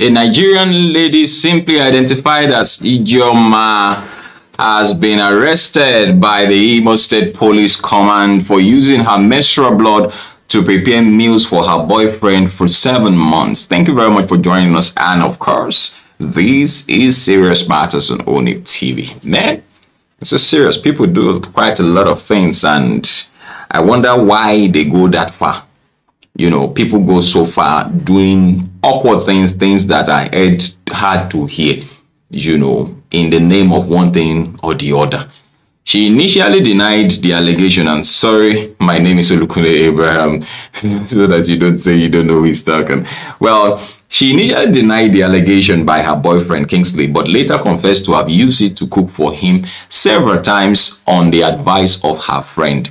a Nigerian lady simply identified as Ijeoma has been arrested by the Imo State Police Command for using her menstrual blood to prepare meals for her boyfriend for seven months. Thank you very much for joining us. And of course, this is Serious Matters on Only TV. Man, this is serious. People do quite a lot of things and I wonder why they go that far you know people go so far doing awkward things things that are heard, hard to hear you know in the name of one thing or the other she initially denied the allegation and sorry my name is olukunle abraham so that you don't say you don't know who's talking well she initially denied the allegation by her boyfriend kingsley but later confessed to have used it to cook for him several times on the advice of her friend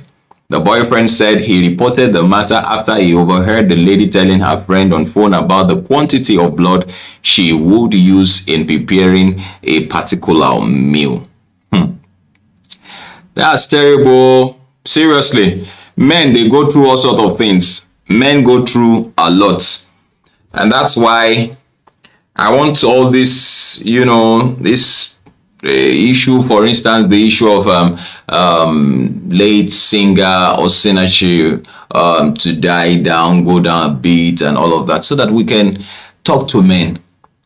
the boyfriend said he reported the matter after he overheard the lady telling her friend on phone about the quantity of blood she would use in preparing a particular meal. Hmm. That's terrible. Seriously, men, they go through all sorts of things. Men go through a lot. And that's why I want all this, you know, this uh, issue, for instance, the issue of um, um, late singer or Osinachi um, to die down, go down a bit, and all of that, so that we can talk to men,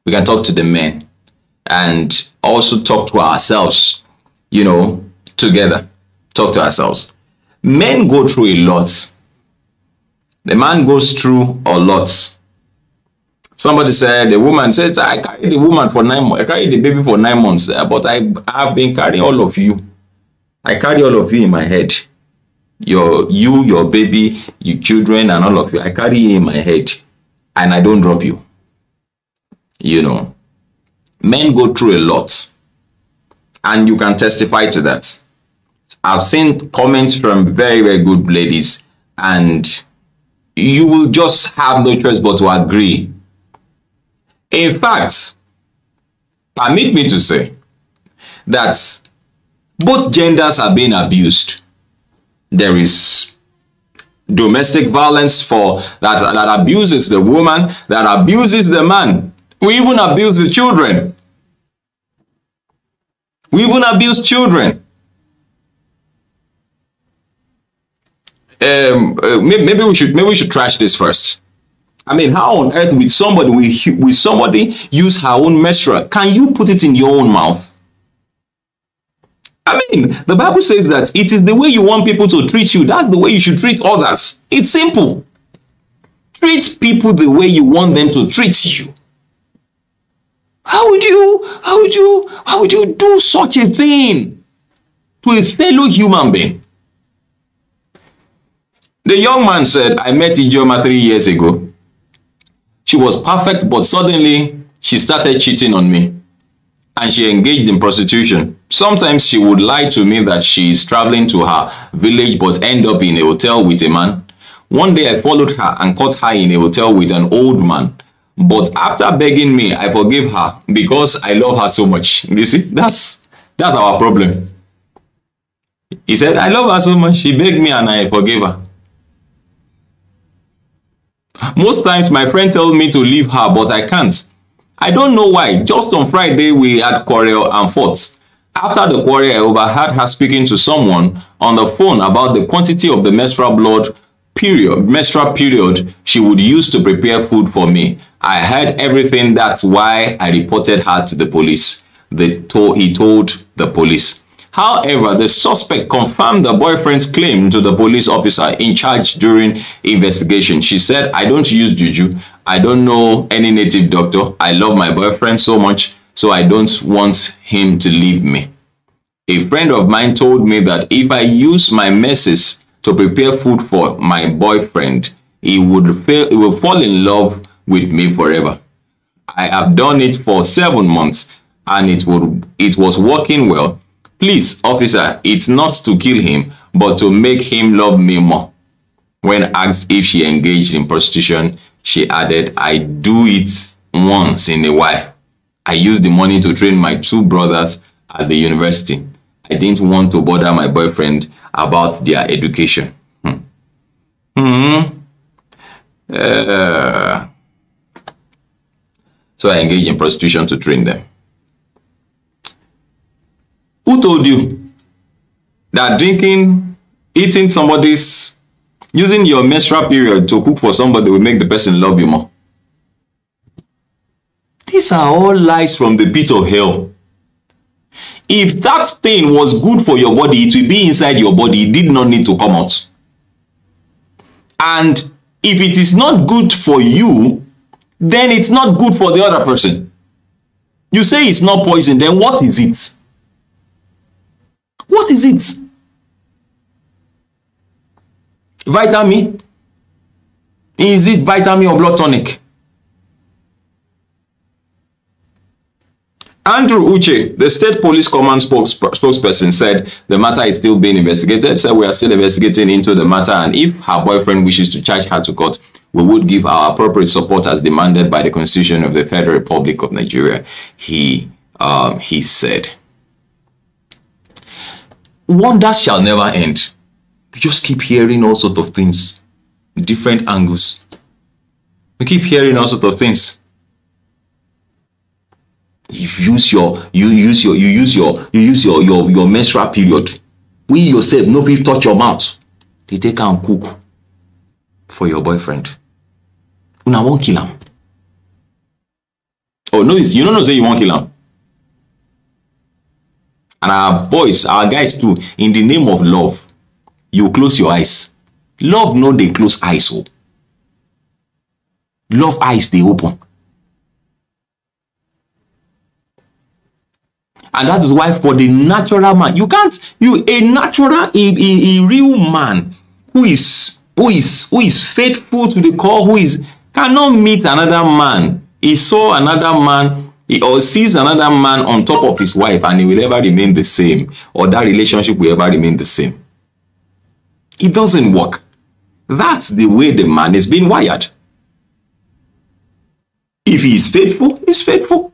we can talk to the men, and also talk to ourselves, you know, together, talk to ourselves. Men go through a lot. The man goes through a lot. Somebody said the woman says, I carried the woman for nine months, I carried the baby for nine months, eh, but I have been carrying all of you. I carry all of you in my head. Your you, your baby, your children, and all of you. I carry you in my head. And I don't drop you. You know. Men go through a lot. And you can testify to that. I've seen comments from very, very good ladies, and you will just have no choice but to agree in fact, permit me to say that both genders are being abused. There is domestic violence for that, that abuses the woman, that abuses the man. We even abuse the children. We even abuse children. Um, uh, maybe we should maybe we should trash this first. I mean, how on earth with somebody will, somebody use her own measure? Can you put it in your own mouth? I mean, the Bible says that it is the way you want people to treat you. That's the way you should treat others. It's simple. Treat people the way you want them to treat you. How would you, how would you, how would you do such a thing to a fellow human being? The young man said, I met Ijeoma three years ago. She was perfect, but suddenly she started cheating on me and she engaged in prostitution. Sometimes she would lie to me that she is traveling to her village but end up in a hotel with a man. One day I followed her and caught her in a hotel with an old man. But after begging me, I forgive her because I love her so much. You see, that's, that's our problem. He said, I love her so much. She begged me and I forgave her. Most times my friend tells me to leave her, but I can't. I don't know why. Just on Friday, we had quarrel and fought. After the quarrel, I overheard her speaking to someone on the phone about the quantity of the menstrual blood period, menstrual period she would use to prepare food for me. I heard everything. That's why I reported her to the police. The to he told the police. However, the suspect confirmed the boyfriend's claim to the police officer in charge during investigation. She said, I don't use juju. I don't know any native doctor. I love my boyfriend so much, so I don't want him to leave me. A friend of mine told me that if I use my messes to prepare food for my boyfriend, he would fail, he will fall in love with me forever. I have done it for seven months and it would it was working well Please, officer, it's not to kill him, but to make him love me more. When asked if she engaged in prostitution, she added, I do it once in a while. I use the money to train my two brothers at the university. I didn't want to bother my boyfriend about their education. Hmm. Mm hmm. Uh, so I engaged in prostitution to train them. Who told you that drinking, eating somebody's, using your menstrual period to cook for somebody will make the person love you more? These are all lies from the pit of hell. If that thing was good for your body, it will be inside your body. It did not need to come out. And if it is not good for you, then it's not good for the other person. You say it's not poison, then what is it? What is it? Vitamin? Is it vitamin or blood tonic? Andrew Uche, the state police command spokesperson, said the matter is still being investigated. Said we are still investigating into the matter, and if her boyfriend wishes to charge her to court, we would give our appropriate support as demanded by the Constitution of the Federal Republic of Nigeria. He um, he said wonders shall never end. We just keep hearing all sorts of things, different angles. We keep hearing all sorts of things. You use your you use your you use your you use your your, your menstrual period. We yourself, nobody touch your mouth. They take and cook for your boyfriend. Una won't kill him. Oh no, you don't know say you won't kill him. and our boys our guys too in the name of love you close your eyes love no dey close eyes o oh. love eyes dey open and that is why for the natural man you can't you a natural a a, a real man who is who is who is faithful to the call who is cannot meet another man he saw another man he or sees another man on top of his wife and he will ever remain the same or that relationship will ever remain the same it doesn't work that's the way the man is being wired if he is faithful he's faithful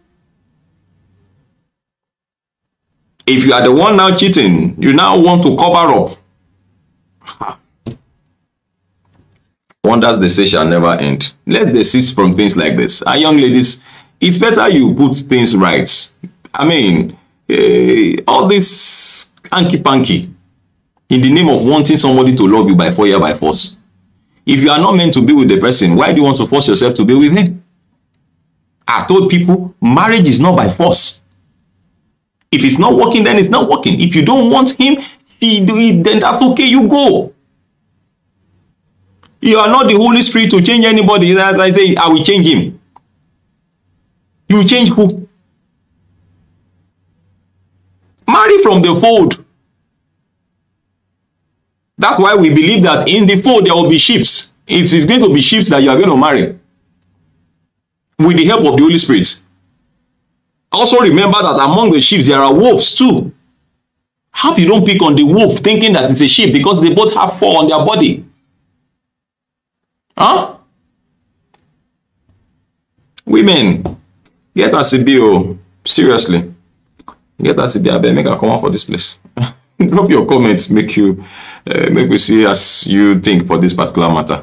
if you are the one now cheating you now want to cover up wonders they say shall never end let us desist from things like this our young ladies it's better you put things right. I mean, uh, all this hanky panky in the name of wanting somebody to love you by fire by force. If you are not meant to be with the person, why do you want to force yourself to be with him? I told people marriage is not by force. If it's not working, then it's not working. If you don't want him, then that's okay, you go. You are not the Holy Spirit to change anybody. As I say, I will change him. you change who marry from the fold that's why we believe that in the fold there will be ships. it is going to be ships that you are going to marry with the help of the holy spirit also remember that among the ships there are wolves too how you don't pick on the wolf thinking that it's a sheep because they both have four on their body huh women get as e be o oh. seriously get as e be abeg make i comot for this place drop your comments. make you uh, make we see as you think for this particular matter